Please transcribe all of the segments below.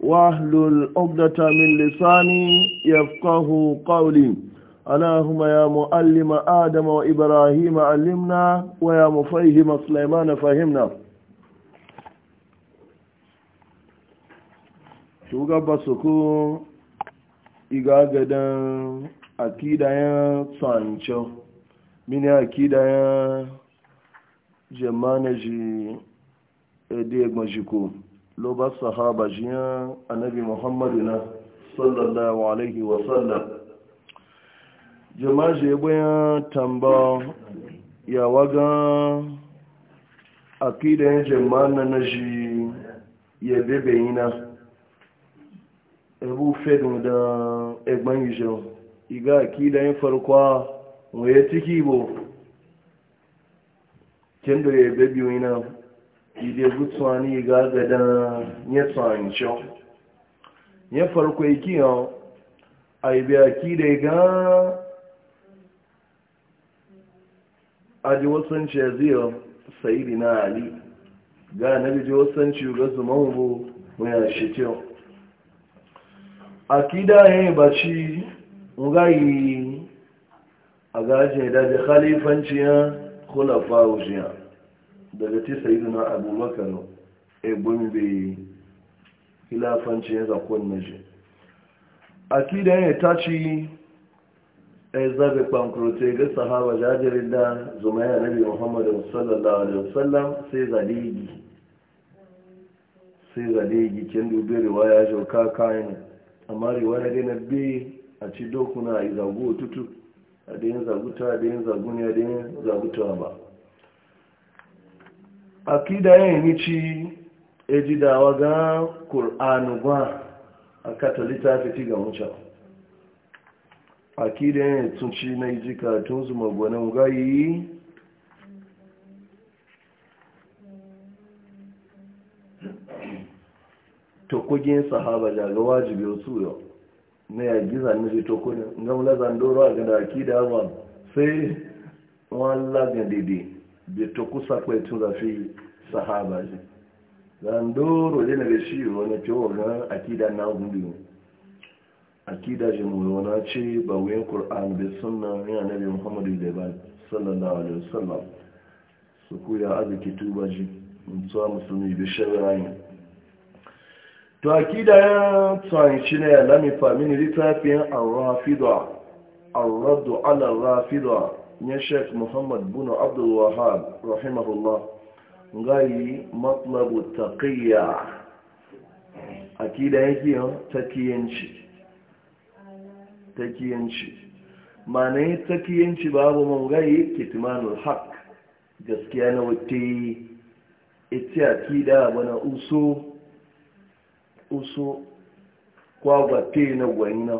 واهل الأبدة من لساني يفقه قولي اللهم يا معلم آدم وإبراهيم علمنا ويا مفيهم سليمان فهمنا ba su ku igagadan akidayen tsanco mini akidayen jemanaji edegbajiku lo ba sahaba jiya annabi muhammadu na sallallahu alaihi wasallam jama'a je bayan tamba ya waga akidan jama'a na na ya bebe yina ebu fedun da egban yijo iga akidan farko waye tiki bo kendo ya bebe yina ide gutuwani ga gadan ya tsancho ya farko iki e yau a ibi e aki da ga aji wasanci ya ziyo sayidi na ali ga nabi ji wasanci ga zuman bu mai shi tiyo akida ya yi baci ngayi a gajin da khalifanci ya kula fa'ujiya daga ti sayi na abubakar egbon eh, bai hilafanci ya zakon na shi akidan ya taci ya eh, zaɓe kwankurta ga sahaba jajirin da zuma ya nabi muhammadu sallallahu alaihi wasallam sai zalegi sai zalegi kin dube riwaya shi ka kayan amma riwaya dai na bi a ci dokuna a yi zagu a dayin zaguta a dayin zaguniya a dayin zaguta ba akida yin nici ejidawa ga gwa ba a katalita fiti ga akida yin tunci na ijika tun zuma gwanin gayi tokogin sahaba daga wajibi wasu yau na ya giza na je tokogin akida ba sai wala ga didi beto kusa kwaitu zafi sahaba ji zan doro ne daga shi wani kyau ga akida na gudu akida ji mulona ce kur'an wuyin qur'an bai sunna ya nabi muhammadu da ba sallallahu alaihi wasallam su kuya arziki tuba ji mutuwa musulmi bai shari'a to akida ya tsanci ne ya lami famini littafin arrafidwa arradu ala arrafidwa ya sheikh muhammad bunu abdul wahab rahimahullah ngayi matlabu taqiyya akida yake yan takiyanci takiyanci ma'ana yi takiyanci babu man yi kitmanul haq gaskiya na wata ita akida wani uso uso kwagwate na gwani na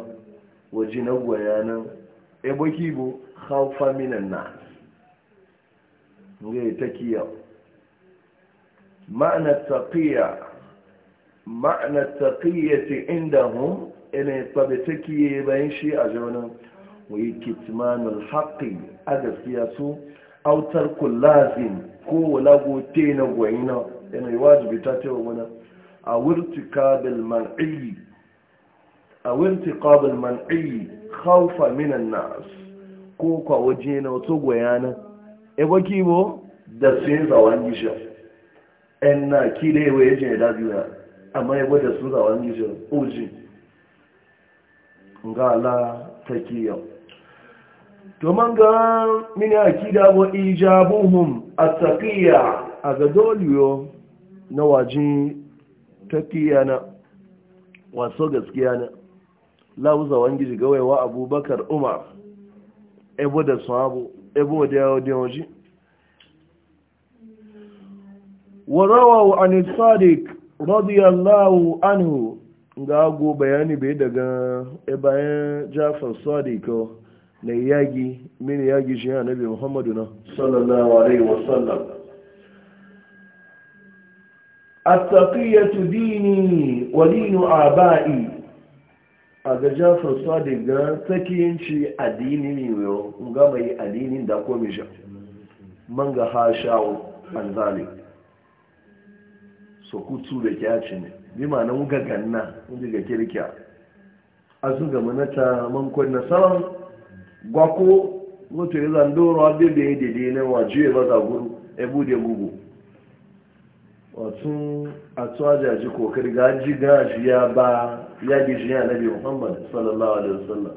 waje na gwaya nan ebo kibo khawfa minan nas ngai takiya ma'ana taqiya ma'ana inda indahum ina tabe takiye bayan shi a jona wai kitmanul haqqi a gaskiya su autar lazim ko lago te na gwayina ina wajibi ta ce mana a wurtika bil أو انتقاب المنعي خوفا من الناس كوكا وجينا وتوغيانا إبوكيبو دسين زوان جيشا إنا كيلي ويجي دابيونا أما إبو دسين زوان جيشا أوجي ngala takiyo to manga mini akida wa ijabuhum at-taqiya aga na wajin takiya na waso gaskiya na lauza wangiji gawewa abubakar umar ebo da sahabu ebo da yawo da warawa sadiq radiyallahu anhu ga ago bayani bai daga ebayan jafar sadiq na yagi mini yagi shi annabi muhammadu na sallallahu alaihi wasallam التقية ديني ودين آبائي a ga jafar sadi ga tsakiyanci addini yau, ga mai addinin da komishin man ga hashawo an zalik so kutu da kyaci ne bi ma na wuga ganna wanda ga kirkiya a su ga manata na saman gwako wato yi zandoro abin da ya dede na waje ba za guru ya e da gugu watun a tsawaja ji kokari ga ji gashi ya ba ya gishi ya nabi muhammad sallallahu alaihi wasallam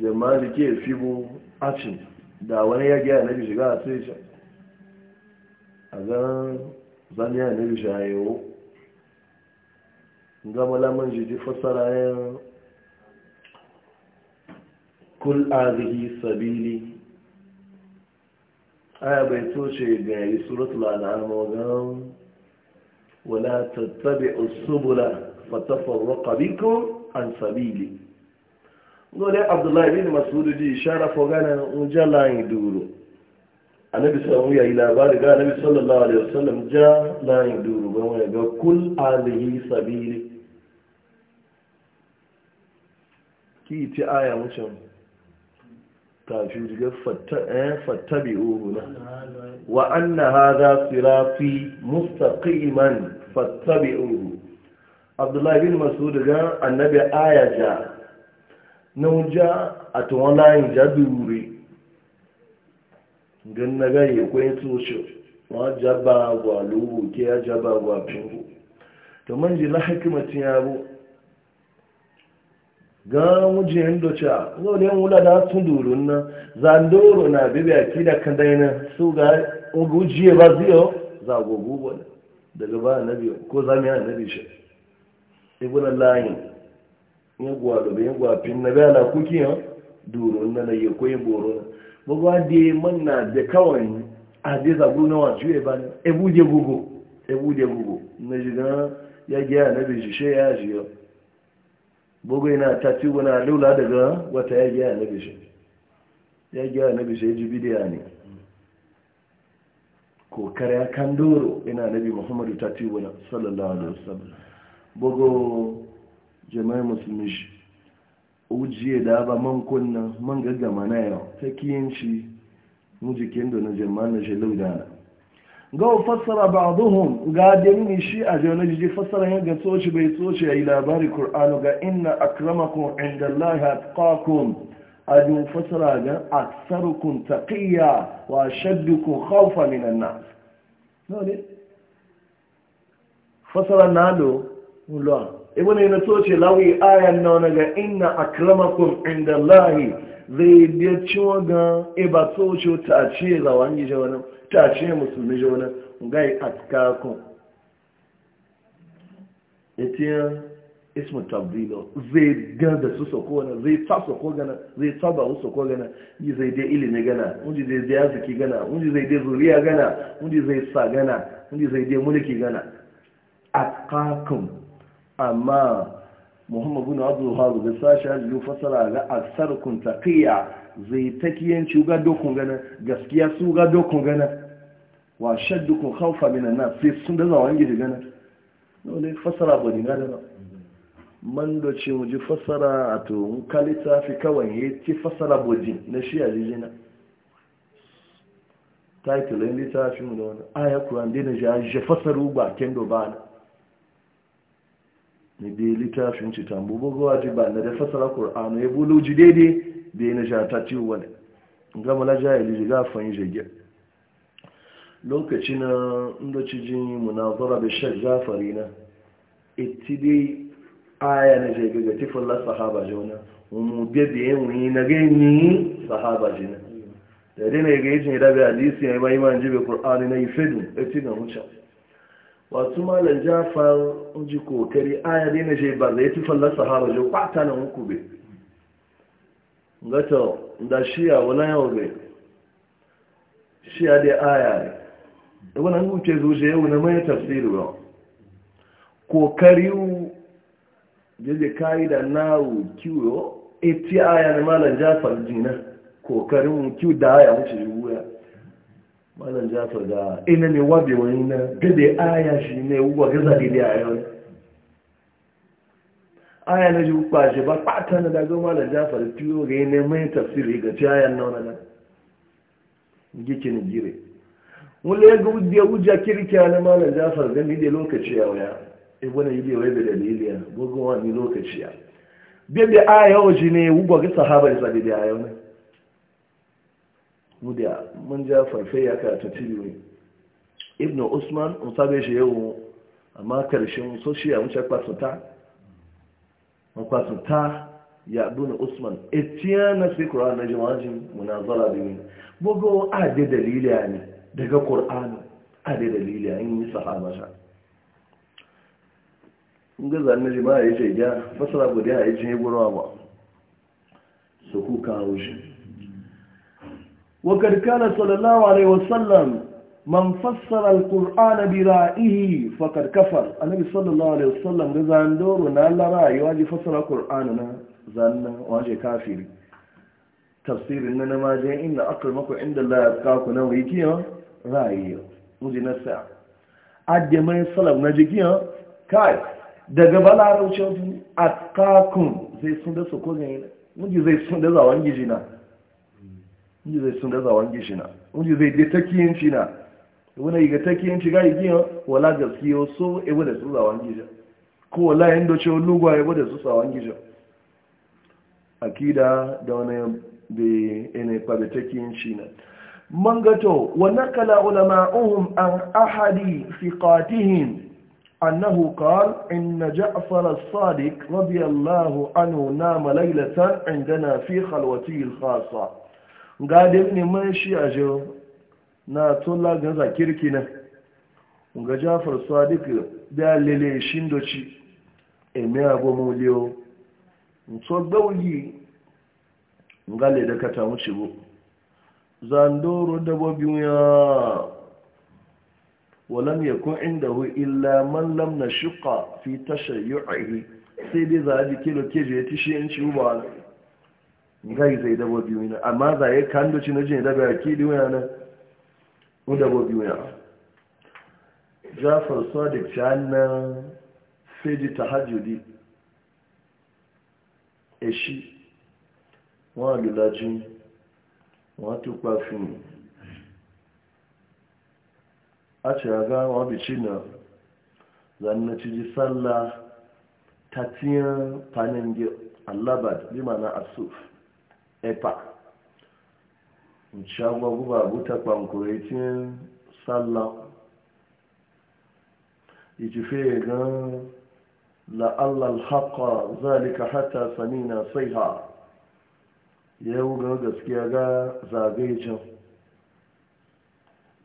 jama'a da ke fibo acin da wani ya gaya nabi shiga a tsaye a zan zan ya nabi shi a yiwu gama laman jiji fassara ya kul azihi sabili aya bai toce ga yi suratul al'amma wajen ولا تتبعوا السبل فتفرق بكم عن سبيلي ngole abdullahi bin mas'ud ji ishara fo gana unjala yi duru annabi sallallahu alaihi labari ga annabi sallallahu alaihi wasallam ja la duru ba ga kul alihi sabili ki ti aya mutum kafin jiga fattabi eh, na wa anna hadha sirati mustaqiman fattabi'uhu abdullahi bin mas'ud ga annabi ayaja nuja atwan lain jaduri gan naga ye ko yato shi wa jaba gwa lubu ke ya jaba gwa pingu to man ji la hikmatin yabo ga mujiyan doca zaune wula na tun durun na zandoro na bibi a da kan daina su ga ugujiye ba ziyo za gogu bane daga ba annabi ko zamiya nabi shi ibn allahi ya gwa do be gwa pin na bala kuki ha durun na ye ko ye boro bugo ade man na de kawai ade za bu na wa juye ba e buje gugu e gugu na jiga ya ga annabi shi ya jiyo bugu yana ta ci wani alula daga wata ya gya na bishe ya gya na bishe ji bidiya ne ko kare kan doro ina nabi muhammadu ta ci wani sallallahu alaihi wasallam bugu jama'i musulmi shi ujiye da ba man kunna man gaggama na yau ta kiyanci jikin da na jama'a na shi laudana ga fassara ba'dhum ga dani shi a jona jiji fassara yanga tsoci bai ya yi labari qur'anu ga inna akramakum indallahi atqakum ajun fassara ga aksarukum taqiya wa shaddukum khawfa minan nas dole fassara nalo ulwa e ibn ina tsoci lawi ayan nan ga inna akramakum indallahi zai biya ciwo ga iba e tsoci ta ce zawangi jawanan ce musulmi jona ngai atkakun yatin ismu tabdilo zai gan da su soko gana zai ta soko gana zai ta ba soko gana yi zai dai ilimi gana wunji zai dai arziki gana wunji zai dai zuriya gana wunji zai sa gana wunji zai dai mulki gana atkakun amma muhammadu bin abdulharu da sashi hajjiyu fasara ga aksar kuntakiya zai takiyanci ga dokun gana gaskiya su ga dokun gana wa ko khawfa minan nas sai sun da zawan gidi gana dole fasara ba ni gana ba man da ce mu ji fasara a to in ka littafi kawai ya ci fasara boji na shi a jijina title ɗin littafi mu da wani aya kuran dai na ji a je fasaru ba kendo ba na ni dai littafin ci tambu bugawa ji ba na da fasara kur'anu ya bulu ji daidai dai na ja ta ciwo wani gama la jahili ji gafan yi jirgin lokaci na ndoci jin munazara da shek jafari na iti aya na jebe ga tifin la sahaba jona mu bebe yin wuni na gani sahaba jina da dai na ga yajin rabi hadisi ya yi ma iman jibe qur'ani na ifedun iti na hucha wasu malam jafar ji kokari aya dai na je ba zai tifin la sahaba jo kwata na hukube ngata da shiya wala yau bai shiya dai aya ne da wani wuce zuciya yau na mai tafsiri ba kokari jeje da nau kiwo eti aya na malan jafar jina kokarin kiwo da aya wuce juya malan jafar da ina ne wabe wani na gade aya shi ne uwa gaza gade a yau aya na ba shi ba kwata na daga malan jafar kiwo ga ne mai tafsiri ga ci aya na wani ne? gikin wule ga wuje wuje kirkiya na mana jafar gani da lokaci ya waya ya eh, wani yi da wai da dalili ya wani lokaci ya bebe aya waje ne wugwa ga sahaba da sabi da yau ne. mudiya mun ja fai ya karatu tiliwi ibn usman musabe shi yau amma karshen ya wuce kwasuta kwasuta ya duna usman etiya na sai kura na jimajin munazara da yi gogon a da dalili ya ne daga ƙur'anu a da dalili an yi sahaba sha ga zanen jima'a ya ce ya fasara guda ya ce ya gurawa ba su kuka haushi wakar kana sallallahu alaihi wasallam man fassara alqur'ana bi ra'ihi fa kad kafar annabi sallallahu alaihi wasallam da zan doro na Allah ra'ayi ji fassara qur'ana na zanna waje kafiri tafsirin na na maje inna akramaku inda Allah ya kaku na wiki ra'ayi uzi na sa adda mai salaf na jigiya kai daga a atakun zai sun da su kogin yana muji zai sun da zawon gijina muji zai sun da zawon gijina muji zai da takiyanci na wani ga takiyanci ga igiya wala gaskiyo so ebo da su zawon gijina ko wala yin doce lugwa ebo da su zawon gijina akida da wani da ene kwabe takiyanci na mangato wa nakala ulama'uhum an ahadi fiqatihim annahu qala inna ja'far as-sadiq radiyallahu anhu nama laylatan indana fi khalwatihi al-khasa ngadin ne mun shi ajo na tulla ga zakirki na ga ja'far sadiq da lele shindochi e me abo mulio nso gbawi ngale da mu shigo zandoro dabobin ya walam yakun indahu illa man lam shuka fi tashayyu'ihi sai dai za ji kilo keji ya tishi yin ci uba ngai zai dabobi wina amma za ya kando ci na jin da ba ki di na u dabobi wina Jafar Sadiq Channa sai ji tahajjudi eshi wa lulajin wọ́n tó pa fún un a ce a ga wa bici na zanna ci sallah ta tiyan fanin gi allabad bi mana asuf epa in ci agwa guba buta kwankure tiyan sallah iji fe gan la'allal haƙa zalika hata samina sai ha yau ga gaskiya ga zagaye can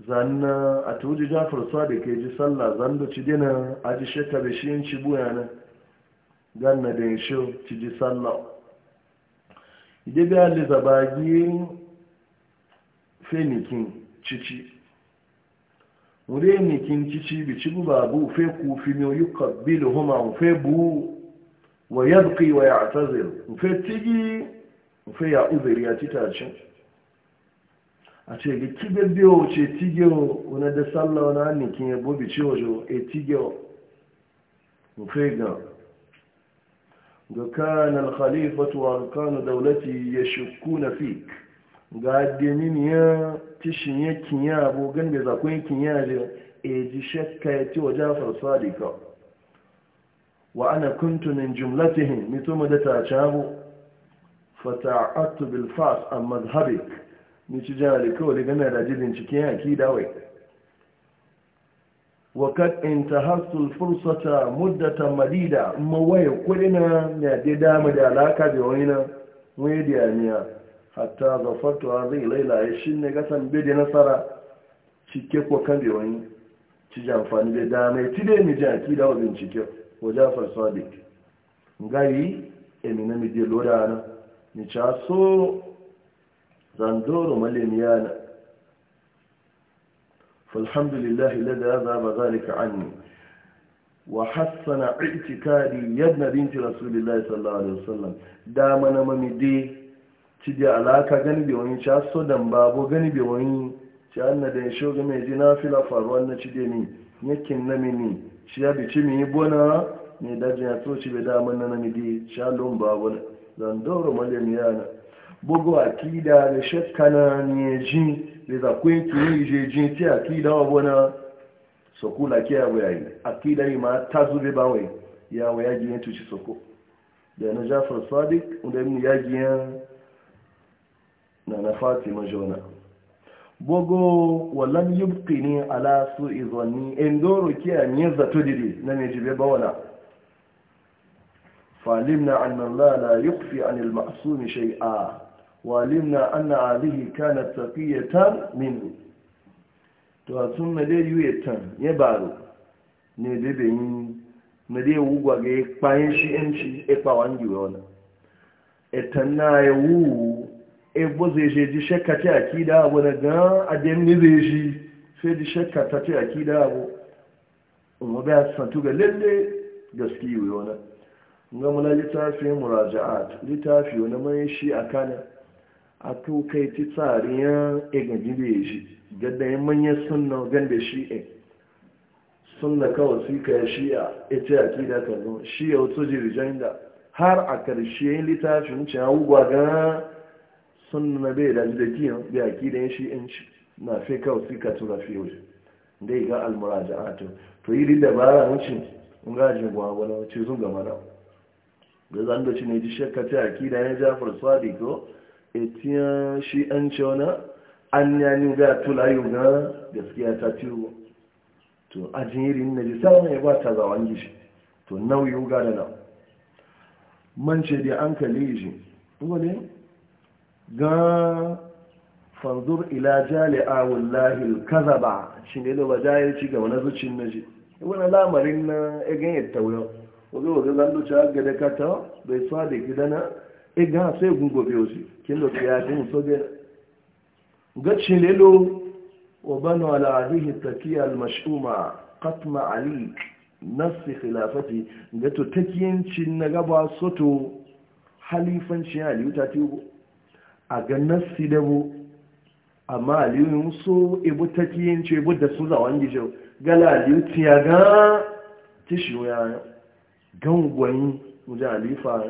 zanna a tuji jafar sa da ke ji sallah zan da ci dina a ji shekka da shi yin ci buya na ganna da yin shi ci ji sallah idan biya li zabagi fenikin cici nikin cici bi ci bu babu fe ku fi ne yukabbilu huma fe bu wa yabqi wa ya'tazil fe tigi ofeya uberi ati tachi ati kibe bio che tigeo una de sala ona ni وكان الخليفة وأركان دولتي يشكون فيك قاعد يمين يا تشيني كنيا أبو جن بزاكوين كنيا إيجي شكا يتي وجافر صادقا وأنا كنت من جملتهم مثل ما دتا fata'attu bil fas an mazhabik ni ci jihar kawai daga mai daji bincike ya ki dawai Wa in ta hasul fursata muddata madida mawaye kudina ya je dama da alaka da wani na wani da yamiya hatta zafartuwa zai laila ya shi ne gasan bede nasara cike ko kan da wani ci ji amfani da dama ya ci dai mi ji aki dawa bincike wajen farsadik gayi emina mi je lura ni ca so zandoro malimiyana falhamdulillahi lada zaba zalika anni wa hassana i'tikadi yadda binti rasulillahi sallallahu alaihi wasallam da mana mamide ci da alaka gani bi wani ca so dan babo gani bi wani ci anna da shi ga mai ji nafila faruwa na ci da ni yakin na mini ci ya bi ci mi bona ne dajin ya so ci be da mana na midi ci alon babo zan doro malamiyana bugu akida da shakka na neji da zakwai kiri jejin ti akida wa bona soko laki ya wayayi akida yi ma ta zube ba wai ya waya giyan tuci soko da na jafar sadiq da yi ya giyan na na fatima jona bugu walam yubqini ala su'i zanni endoro a ne zato dide na ne mejibe ba wala فعلمنا عن من لا لا يخفي عن المعصوم شيئا وعلمنا أن عليه كانت تقية منه to a sun na dai yi tan ya baro ne da bayin na dai wugwa ga ya kpayin shi yan shi ya kpawa an giwa wani etan na ya wuwu ya bo shi ji shakkaci a ki da na gan adiyan ne zai shi sai ji shakkaci a ki da abu in wabi a lalle gaske yi gama na littafin muraja'at littafi wani mai shi a kana a tukai ti tsarin ya egajin da ya shi gadda ya manyan sunna ganda shi e sunna kawai su ka ya shi a ita ya ki da kano shi ya wato jirgin da har a karshe littafin wuce ya wugwa ga sunna bai da da kiyan da ya ki da ya shi in shi na fi kawai su ka tura fi wuce da ya ga almuraja'atun to yi da bara wuce in gajin gwa wani wuce zunga mana da zan da ne ji shakka ta akida ya jafar sadiko etiyan shi an cewa an ni ga tulayu ga gaskiya ta tiwo to ajin irin na ji sama ya ba ta zawan gishi to nauyi ga da nan ce da an kalli shi wani ga fanzur ila a wallahi kazaba shi ne da wajayar ci gaba na zuciyar na ji wani lamarin na ya ganyar tauyar wazo wazo zan duce a kata bai sa da gidana e ga sai gungo biyo shi kin da ya ji muso ga gacin lelo wa banu ala takiya al mashuma qatma ali nafsi khilafati ga to takiyin na gaba soto halifanci ali ta tiwo a ga nafsi da amma aliyu yin so ibu takiyin ce ibu da su aliyu tishiyoyi gangwani muje alifa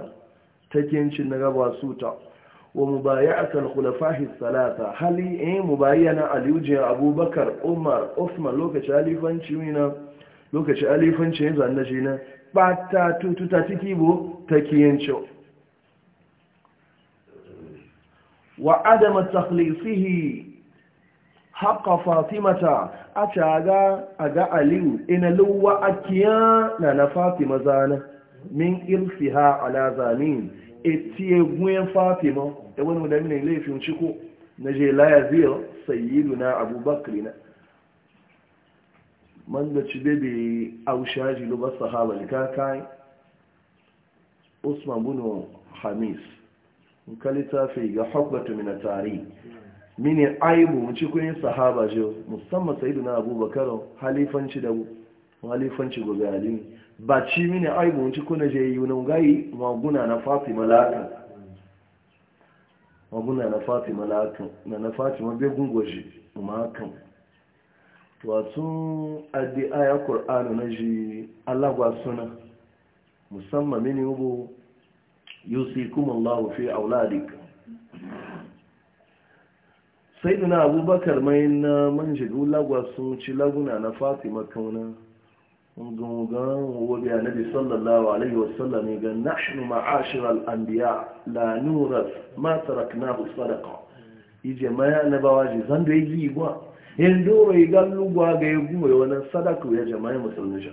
takenci na gaba su ta wa mubaya'at al-khulafa'i salata hali eh bayyana aliyu abubakar umar usman lokacin alifanci mina lokacin alifanci ne zanna shi na bata tututa ciki bo takiyanci wa adama takhlisihi haka fatimata a caga a ga aliyu ina luwa a kiya na na fatima zana min irfi ha ala zamin etiye gwen fatima da e wani ne laifin ciko na je laya sayidu na abubakar na man da ci bebe ausha jilo ba sahaba kakai, usman bunu hamis kalita fi ga hukumatu min tarihi mini aibu cikin sahaba je musamman saidu na abubakar halifanci da halifanci gobe alimi ba ci mini aibu cikin je yi na gayi maguna na fatima lakan maguna na fatima lakan na na fatima begun gwaji makan wato adi aya ƙor'anu na ji allagwa suna musamman mini ubu yusi kuma allahu fi auladik sai duna abubakar mai na manjidu lagwa sun ci laguna na fatima kauna gungan wabi a nabi sallallahu alaihi wasallam ga nashinu ma'ashir al'ambiya la nuras ma tarakna bu sadaka ije maya na bawa ji zan da yi gwa yin doro yi gan lugwa ga ya gume wani sadaka ya jama'i musulmi sha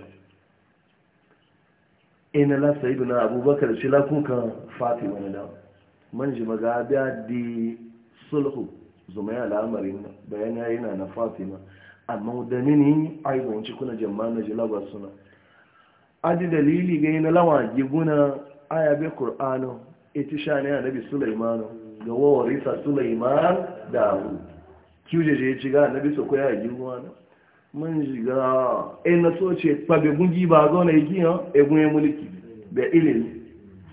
ina la sai duna abubakar ci lakuka fatima na da manji maga biya di sulhu zuma ya al'amarin bayan ya yana na fatima amma da mini aibon kuna jama'a na jilaba suna adi dalili ga yi na lawa giguna ayabe kur'anu iti e sha ne a nabi sulaimanu ga wawarisa sulaiman da abu kiuje je ci ga nabi so koya giguna mun ga e na soce ce gungi ba na yi giyan egun ya mulki da ilil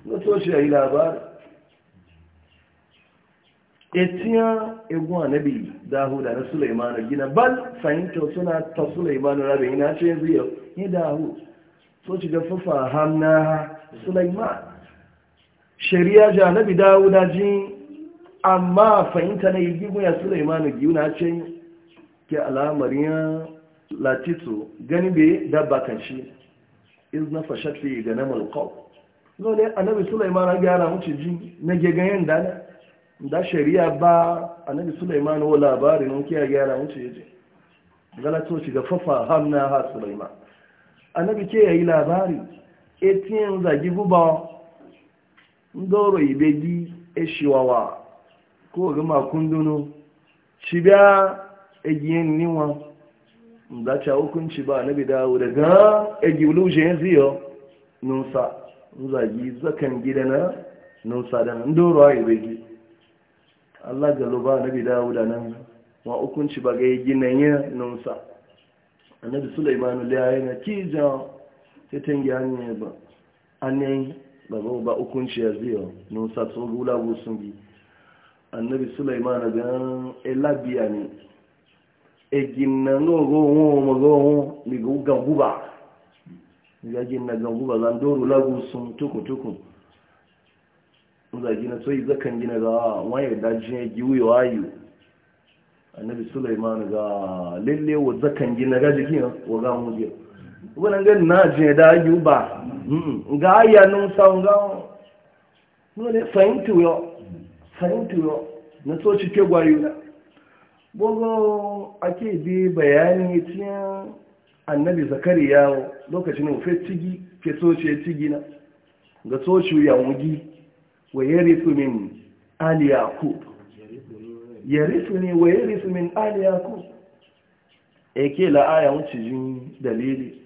na soce ya yi labari etiya egwu bi dahuda na suleimanu gina bal fahimta suna ta suleimanu rabin a ce yanzu yau ni dahud so ci ga fafa hamna suleiman shari'a ji bi dahuda ji amma fahimta na yi ya suleimanu giyu na ce ke alamarin latito gani bai dabba kan shi iz na fashafi ga na mulkau zo ne anabi ya gyara mutu ji na gegayen dana da shari'a ba annabi Sulaiman wa labarin mun kiyaye gyara mun ce yaje galatoci shi ga fafa hamna ha Sulaiman annabi ke yayi labari etin zagi guba ndoro ibegi eshiwawa ko ga makunduno shi biya egiyen niwa da ta hukunci ba annabi dawo daga egiwuluje yanzu ziyo nusa zagi zakan gidana nusa da ndoro ibegi Allah galo ba nabi Dawuda nan wa hukunci ba ga gina yin nunsa annabi Sulaiman da yayi na kija ta tangi ne ba anen ba ba ba hukunci ya ziyo nunsa so gula bu sun bi annabi Sulaiman ga elabiya ne e gina ngogo wo mago mi go ga guba ga gina ga guba zan doru lagu sun tuku tuku za gina so zakan gina ga waye dajin ya giwe wayo annabi sulaiman ga lalle wa zakan gina ga jikin wa ga mu je wannan ga na je da ba ga ya nun san ga no ne fahimtu yo fahimtu yo na so ci ke gwayu na bogo ake bi bayani tiyan annabi zakariya lokacin mu fe tigi fe so ce tigi na ga so ci ya mugi wa yarisu min ali yakub yarisuni wa yarisu min ali yakub eke la aya wuce jin dalili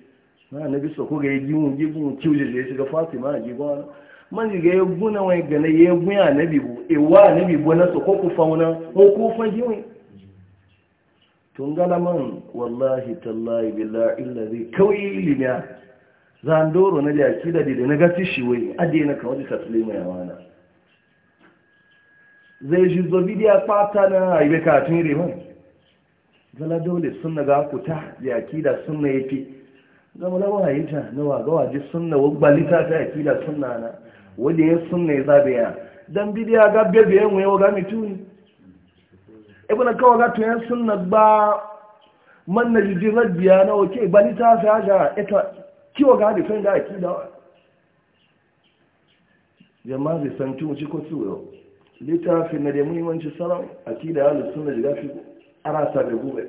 na nabi so ko ga yigun yigun tiuje je shiga fatima jigon man ji ga yuguna wai ga na yegun ya nabi bu e wa nabi bu na so ko ku fauna ko ku fa jiwe tun gala man wallahi tallahi billahi illazi kawai limiya zandoro na jaki da na gati shi wai ade na kawai taslimai yawana. zai shi zo bidiya fata na aibe katin riman zala dole sunna ga kuta da akida sunna yafi zama na wahayita na wagawa ji suna wagbalita ta akida sunna na wadda ya suna ya zabe ya dan bidiya ga bebe yan wayo ga mituni ibu na kawo gato yan suna ba man na jiji rabbiya na wake balita e ta haja ita kiwa ga hadifin ga wa? jama'a zai san tun shi ko tsiwo littafin na da muhimmanci sarar da ya suna da gafi arasa da gube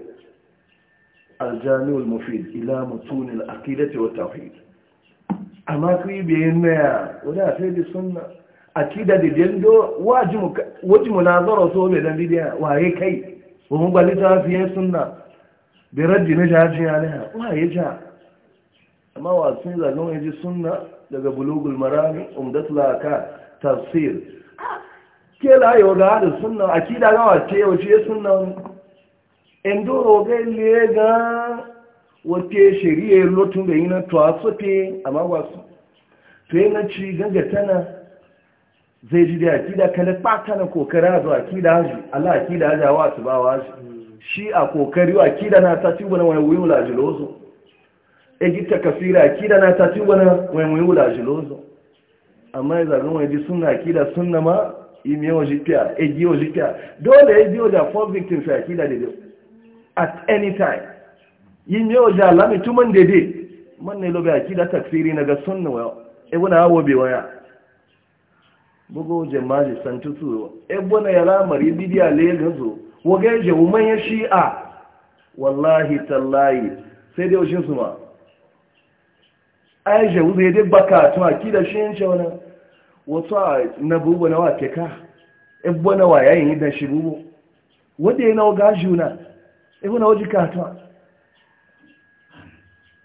aljami'ul mufid ila mutunin akidati wa tawhid amma ku yi biyan naya wadda sai da suna akida da jendo wajimu na zara so mai dan bidiya waye kai wani ba ya suna da rajin na jajin ya naya waye ja amma wasu zagon ya ji suna daga bulogul marami umdatul ka tafsir ke la yau da sunan akida gawa ce ce sunan enduro ga le ga wata shari'a lotun da yana to asote a wasu to na ci ganga tana zai ji da akida kada kpata na a zuwa akida haji Allah akida haji a su ba wa shi a kokari wa akida na ta ci wani wani wula jilozo egita kafira akida na ta ci wani wani wula jilozo amma ya zagon wani ji sunna akida suna ma imi ojipia eji ojipia dole eji oja four victims ya kila dede at any time imi oja lami tuman dede daidai ne lobe akida takfiri na ga sunna e wona hawo waya bugo maji santutu e bona ya lamari bidiya le gazo woge je umman ya shi'a wallahi tallahi sai dai ojin ma uze baka wasu na bubu na wake ka ebo na waya yin idan shi bubu wadda ya nawa gashi na ebo na waje katuwa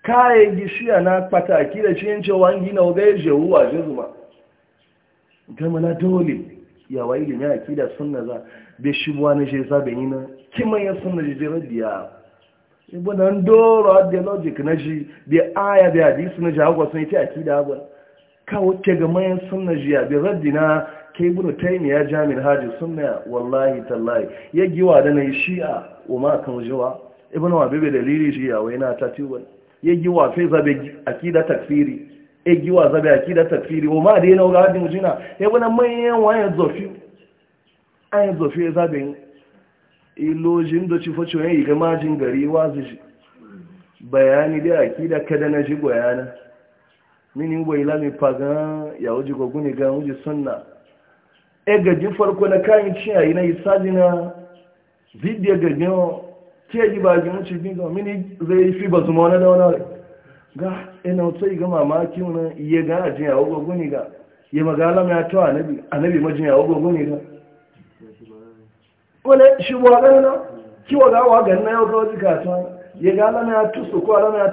kayan gishiya na pataki da cikin cewa an gina waga ya shehu a jizuma gama na dole yawa ilimi a kida na za bai shi buwa na shi sa bai yi na kima ya na jijirar biya ebo na ndoro ideologic na shi bai aya bai hadisi na jagwa sun yi ta akida abuwa kawo ke ga mayan suna jiya bi raddina ke ibnu taymiya jami'in hajji suna wallahi tallahi ya giwa da na yi shi'a wa ma kan jiwa wabe wa bibi dalili shi'a wa yana tiwon ya giwa fai zabe akida takfiri ya giwa zabe akida takfiri wa ma da yana ga hadin jina ya bana mayan wayan zofi an zofi zabe ilojin da ci focho yi ga majin gari wazi bayani da akida kada na ji goyana mini bai lami faga ya wuji ga wuji sunna e gajin farko na kayan ciyayi na isaji na gajin ke ji ba ji muci bin gawa mini zai fi ba zuma wani da wani ga ina e wato ga mamaki wani iya ga a jiya ga ya magala mai ato anabi ga shi kiwa ga na yau ya ga ala mai ato ko ala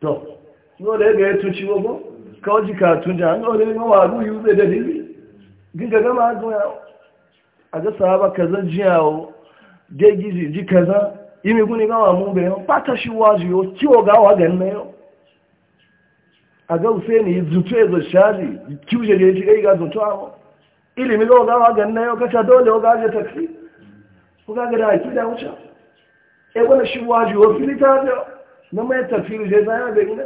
to nole ga yato ci wabo kawo jika tunja nole ga wagu yi zai da dili ginga gama goya a ga sahaba kaza jiyawo dai gizi ji kaza imi guni gawa mu bai yau fata shi wazu yau ga gawa gan na yau a ga useni zuto ezo shari kiuje da ya ci gai ga zuto awo ilimi gawa gawa gan na yau kacha dole ga ga taksi ko ga ga da akida wuce e wala shi wazu yau filita da na mai tafiru je zai da gina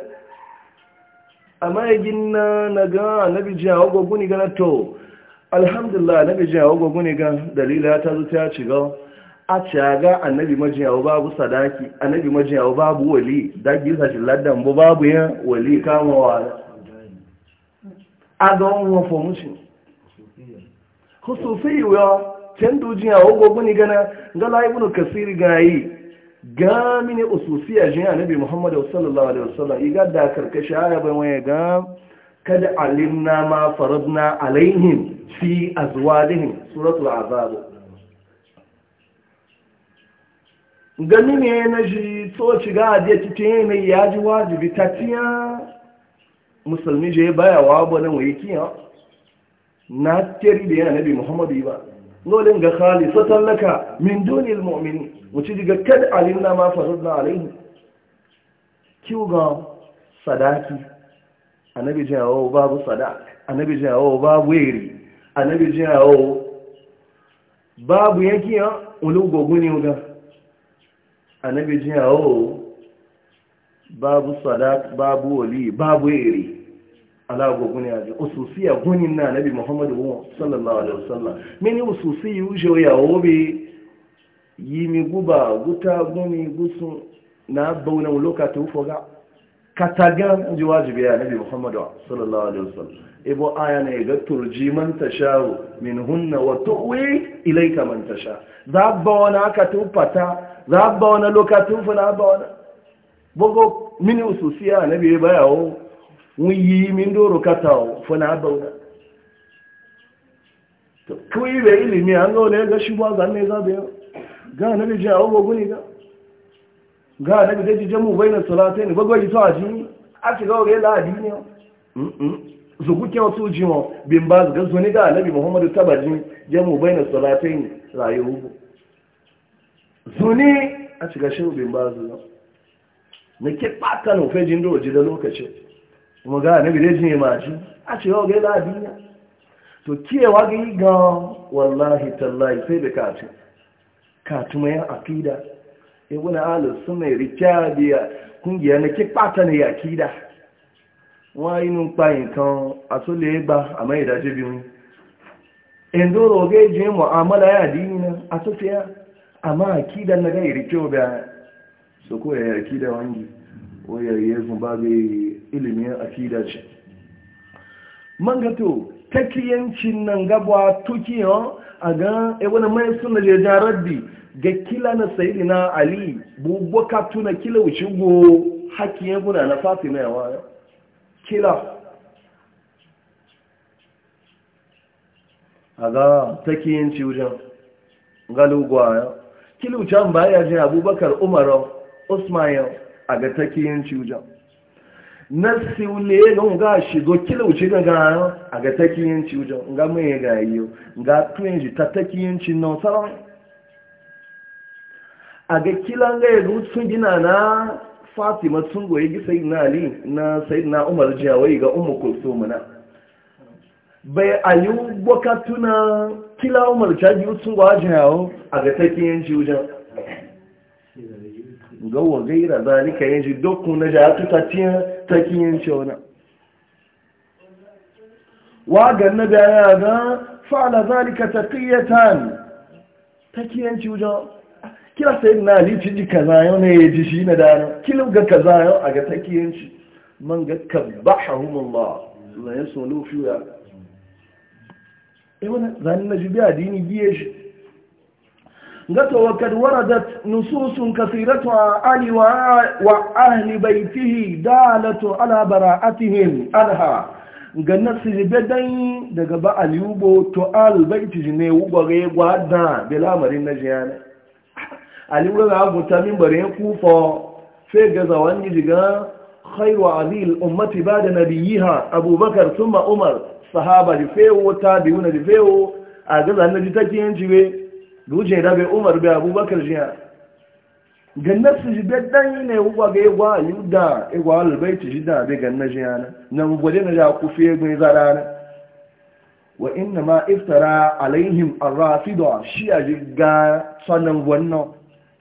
amma ya gina na ga na bi jiya wago guni gana to alhamdulillah na bi jiya wago guni ga dalila ta zo ta ci ga a ci ga annabi majiya babu sadaki annabi majiya babu wali da gisa shi laddan bu babu ya wali kama wa a ga wani fomushin husufi yiwuwa kyan dujiya wago guni gana gala ibnu kasiri yi. ga mini ususiya jin annabi muhammadu sallallahu alaihi wasallam iga da karkashi aya bai wani ga kada alimna ma faradna alaihim fi azwajihim suratul azab gani ne na ji so shiga a je cikin ne ya ji wajibi ta tiya musulmi je baya wa bane wai kiyan na tiri da annabi muhammadu ba nolin ga khalisatan laka min dunil mu'minin wuce diga kad alimna ma faradna alaihi kiwo ga sadaki annabi jawo babu sadaki annabi jawo babu yeri annabi jawo babu yake ya ulugogu ne ga annabi jawo babu sadaki babu wali babu yeri alago guni aje ususiya guni na nabi muhammadu sallallahu alaihi wasallam mini ususi yuje ya obi yimi guba guta guni gusu na bauna lokati ufoga katagan ji wajibi ya nabi muhammadu sallallahu alaihi wasallam ibo aya ne ga turji man tashawu min hunna wa tuwi ilayka man tasha zabba wana aka tufata zabba wana lokati ufana ba wana bogo mini ususiya nabi bayawo mun yi min doro katawo fana bauna to kuyi da ilimi an ga wani ga shi ba zan ne za da yau ga na da jawo ba guni ga ga na da ji jamu bai na salata ne bagwaji to aji a ci ga wani ladi ne zugu ke wasu jimo bin ba ga zuni ga annabi muhammadu tabajin jamu bai na salata ne rayuwa zuni a ci ga shi bin ba zuwa na ke ɓata na ofejin doro ji da lokacin kuma ga annabi dai shine maji a ce ọ ga ladiya to kiyewa ga ga wallahi tallahi sai da kace katu mai akida e wani ahlus sunna rikadiya kungiya na ke na ne akida wa inu pa nkan asole gba ama idaje bi mi endoro ga je mu'amala ya dinina asofiya amma akida na ga irike obi so ko ya akida wangi wayayye mu ba bai ilimin akida ce man gato takiyancin nan gaba tukiyan a ga e wani mai suna je jaraddi ga kila na sayidi na ali bubuwa katuna kila wuce go hakiyar guda na fatima yawa kila a ga takiyanci wujen galugwa ya kila wuce an baya je abubakar umaru usman aga ga takiyin cuja na siule ga nga shigo kila uci ga ga a ga takiyin cuja nga mai ga yiwu nga tuyen ji ta takiyin ci na tsaron a ga kila nga ya ga sun gina na fatima sun goyi gi sai na ali na sai na umar jawai ga umar kulso na bai ayu bokatuna kila umar jaji sun gwa jawo a ga takiyin cuja ga wa gaira zalika yin ji dokun na ja tuta tiyan takiyin shauna wa ga na da ya ga fa'ala zalika taqiyatan takiyan ci wujo kila sai na ali ci ji kaza yau ne ya ji shi na dana kila ga kaza yau a ga takiyan ci man ga kabbahumullah la yasulu fiya eh wannan zan na ji bi adini biye shi gato wakad waradat nususun kasiratu ali wa ahli baitihi dalatu ala bara'atihim ga ganna siribe dan daga ba aliyubo to al baiti ne da gwada belamarin na jiyana aliyubo ga abuta min bare kufa sai gaza wani diga khairu azil ummati ba da nabiyiha abubakar thumma umar sahaba di fewo na di a gaza na ji take yin jiwe rujin bai umar bai abubakar jiya gannar su ji daddan yi ne wuwa ga igwa yuda igwa albaiti ji da bai ganna jiya na nan gwade na ja kufi ya gwai zara na wa inna ma iftara alaihim arrafida shi a ji ga sanan wannan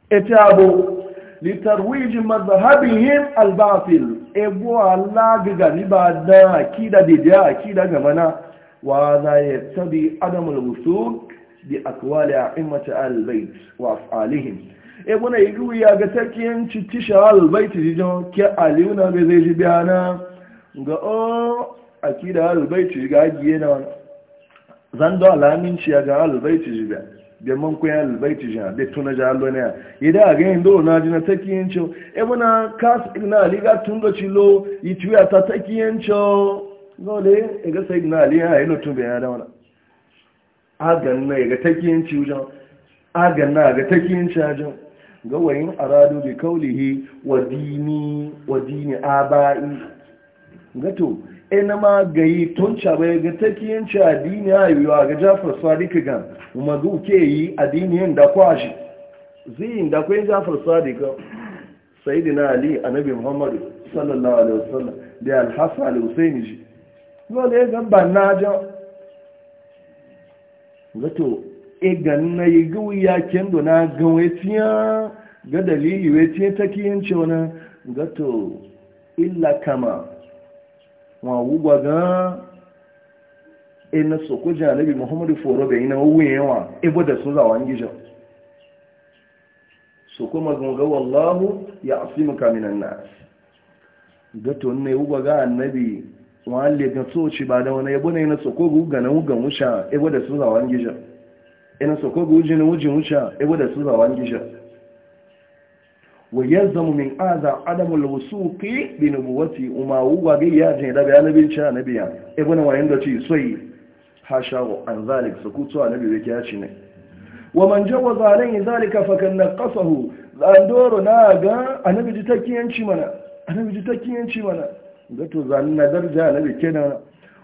ita abu litarwiji mazhabihim albatil ebo Allah ga ni ba da ki da akida ga mana wa za ya tabi adamul usul bi akwali a imata albait wa afalihim e buna yi guya ga takiyan citisha albait jijon ke aliuna bai zai ji biyana ga o akida albait ga ajiye na wani zan da alaminci ga albait ji biya bai man kuya albait ji bai tuna ja allo ne ya da ga yin dole na ji na takiyan ciwo e buna kas na liga tun da cilo yi tuya ta takiyan ciwo dole ga sai na liya ya yi lotun ya da wani agan na ga takiyanci wajen agan na ga takiyanci wajen ga wayin aradu bi kaulihi wa dini wa dini abai gato ina ma gayi tun bai ga takiyanci addini ayuwa ga Jafar Sadiq ga kuma duke yi yin da kwashi zai da kwai Jafar Sadiq sayyidina Ali annabi Muhammad sallallahu alaihi wasallam da al-Hasan al-Husaini ji dole ga jan zato igan e na yi gawi ya kendo na gawe tiya ga dalili we tiya ta kiyan cewa gato illa kama wa ga ina e soko ko janabi muhammadu foro bai na wuyewa ibo e da sun zawa ngijo so kuma ga wallahu ya asimuka minan nasi gato ne wugwa ga annabi wale ga ci ba da wani yabo ne na soko guga e e na wugan musha ebo da su zawan gisha ina soko guji na wujin musha ebo da su wani gisha wa zama min aza adamu Lausu, ke bi buwati umma huwa bi yajin da bayan nabi cha nabiya ebo na wani da ci soyi ha wa an zalik sukutu nabi yake ya ci ne wa man zalen yi zalika fakan kasahu zandoro na ga annabi takiyanci mana annabi takiyanci mana gato zanen na darja na bikina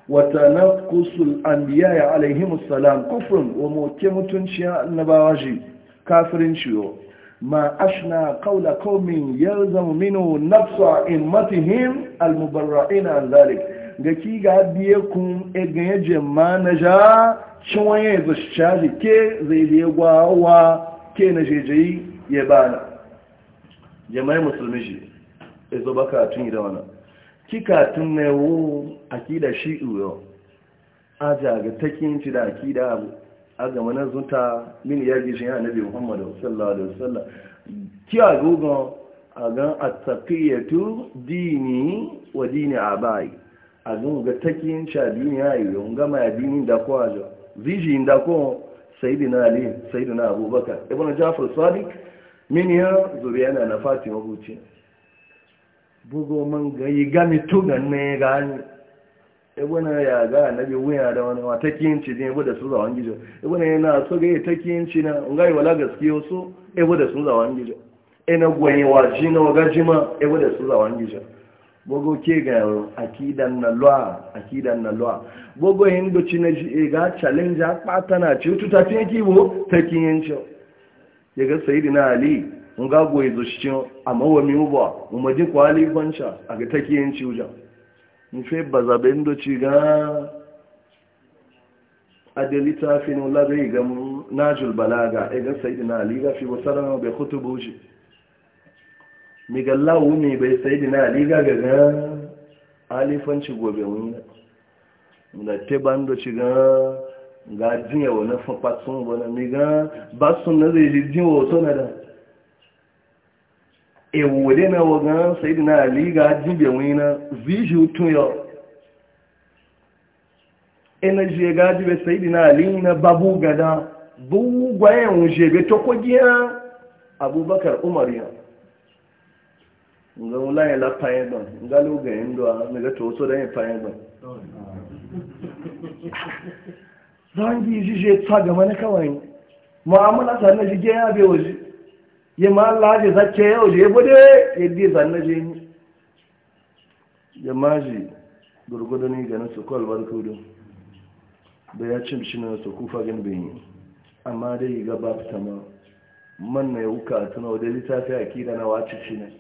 wata na Kusur an biya ya alaihi salam kufrin wa moke mutunciya annabawa shi kafirin ciwo ma ashna kaula kaumin zama minu nafsa in matihim almubarra'ina an zalik ga ki ga biye kun egaye jemma na ja ciwaye zuciya ke zai biye gwawa ke na jejeyi ya bana jama'ai musulmi shi ya e zo baka tun yi da wannan kika tun mai wo akida shi uyo a jaga takinci da akida abu a ga manazunta min ya gishi ya nabi muhammad sallallahu alaihi wasallam ki a gogon a gan attaqiyatu dini wa dini abai a gan ga takinci a duniya uyo ga ma dini da ko ajo ziji da ko sayyidina ali sayyidina abubakar ibnu jafar sadiq min ya zuriyana na fatima buci bugo man ga yi gami tugan ne ga ni ebona ya ga na bi wuya da wani wata kinci ne bu da su zawan gijo ebona yana so ga ta kinci na ngai wala gaskiyo so ebu da su zawan gijo ina gwaye wa jina wa gajima ebu da su zawan gijo bogo ke ga akidan na lwa akidan na lwa bogo hindu cina ji ga challenge a patana ci tuta tinki bo ta kinci Yaga ga sayyidina ali nga goyi cin a mawami ubuwa umarji kwali banca a ga takiyin ciwujan nufe ba zaɓe ci, ga adelita finu labe ga najul balaga e ga sai na ali ga fi wasara bai kutu buji mi ga lawu mi bai sai na ali ga ga alifanci gobe wani na te ci ga ga jiyawa na fafatsun wani mi ga basun na zai jiyawa na da ewode na wagan sai na ali jibe wina ziju tuyo ina ga jibe sai na ali na babu gada bu bugwayen jebe to kogiya abubakar umar ya nga wula ya la paye don nga lu ga endo a me ga to so da ya paye don zangi jije tsaga mana kawai mu'amala ta na jige ya be waje Yi ma Allah ji zace yau je bude yadda zanna je ni ya maji gurgudu ni ganin su kol ban kudu da ya cin shi na su kufa gan bin amma dai ga ba ta ma man na yauka tuna da littafi akida na wace shi ne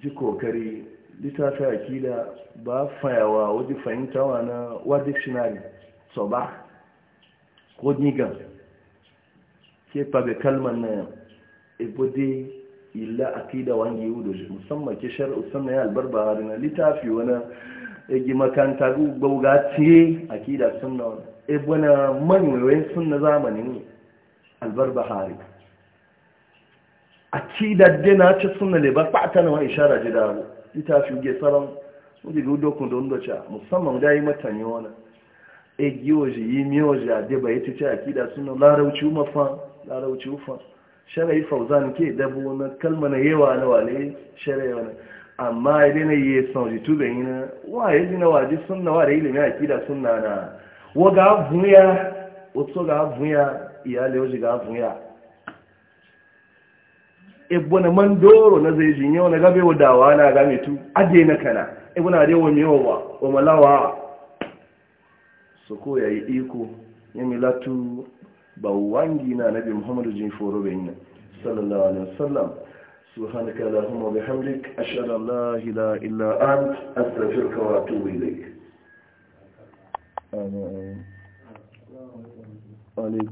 ji kokari littafi akida ba fayawa waje fahimtawa na wa dictionary so ba ko nigan ke faga kalmar na yau ibudi illa akida wangi yudo musamma ke shar'u sunna ya albarba harina litafi wana egi makanta gauga tiye akida sunna wani manwe manwayoyin sunna zamani ne albarba harina akida dena ce sunna le ba fata na wa ishara ji dawo litafi uge salon wani gudu kun da wanda musamma musamman da yi matan yi wani egi oji yi miyoji a deba ya ce akida sunna larauci umafa larauci ufa sharai fauzan ke dabo na kalma na yewa na wale sharai wani amma idan na yi sauji da yi na waye ji na waje sunna wa ilimin akida sunna na wa ga bunya wato ga bunya iyalai waje ga bunya ebo na mandoro na zai jinye wani gabe wa dawa na game tu ade na kana ebo na adewa miyowa wa malawa su ko ya yi iko ya milatu ba wangi na nabi muhammadu jin foro bai yi sallallahu alaihi wasallam سبحانك اللهم وبحمدك أشهد أن لا lahila illa an أستغفرك وأتوب إليك